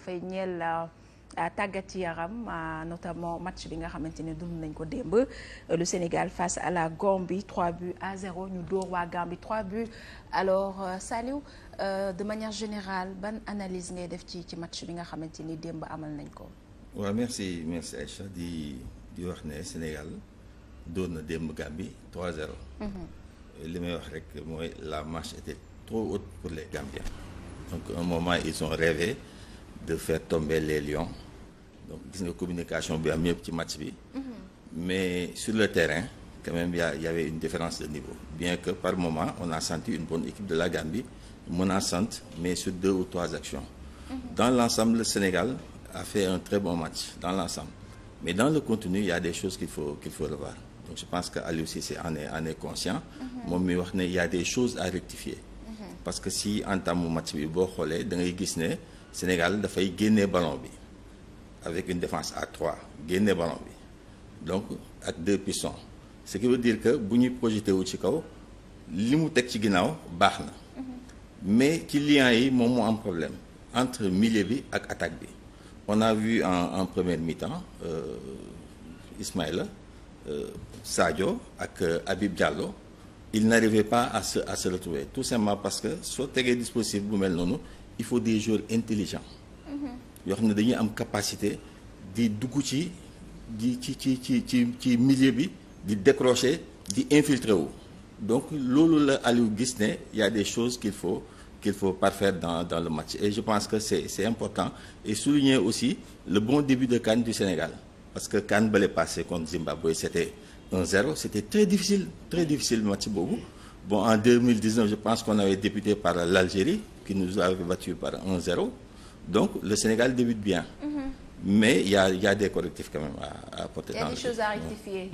dafay ñeel euh, tàggat yaram notamment match bi nga xamante ne dund nañ ko démb euh, le Sénégal face à la Gambie trois buts à 0 ñu dóor waa Gambie trois buts alors euh, Saliou de manière générale ban analyse ngay def ci ci match bi nga xamante ni démb amal nañ ko. waaw merci merci Aïcha di di wax ne Sénégal dóor na démb Gambie 3-0. Mhm. li may wax rek mooy la marche était trop haute pour les Gambiens donc un moment ils ont rêvé. de faire tomber les lions donc gis nga communication bi am yëpp ci match bi. Mhm. mais sur le terrain quand i y a y de niveau bien que par moment on a senti une bonne équipe de la Gambie menaçante mais sur deux ou trois actions. Mhm. dans l'ensemble le Sénégal a fait un très bon match dans l'ensemble mais dans le contenu il y a des choses qu'il faut revoir je pense que Aliou Cissé en est en conscient. Mhm. moom mi wax ne il y a des choses à rectifier. parce si en tant match bi boo xoolee da ngay gis ne. Sénégal dafay génne ballon bi avec une défense à trois génne ballon bi donc ak deux pistons ce qui veut dire que bu ñuy projeté wu ci kaw li mu teg ci ginnaaw baax na mhm. mais ci liens yi moom moo am problème entre millier bi ak attaque bi on a vu en en première mi-temps euh, Ismaïla euh, Sadio ak euh, Habib Diallo il n'arrivait pas à se retrouver tout simplement parce que soo tegee dispositif bu mel noonu il faut des jours intelligents. Mhm. yoo xam ne dañuy am capacité di dugg ci di ci ci ci ci ci milieu bi di décrocher di infiltrer wu. donc loolu la Aliou gis ne y a des choses qu'il faut qu'il faut parfaire dans dans le match et je pense que c'est c'est important et souligner aussi le bon début de CAN du Sénégal parce que CAN bale passé contre Zimbabwe c'était 1-0 c'était très difficile très difficile match boobu. Bon, en 2019, je pense qu'on avait débuté par l'Algérie, qui nous avait battu par 1-0. Donc, le Sénégal débute bien. Mm Mais il y a, y des correctifs quand même à, à porter. Il y à rectifier.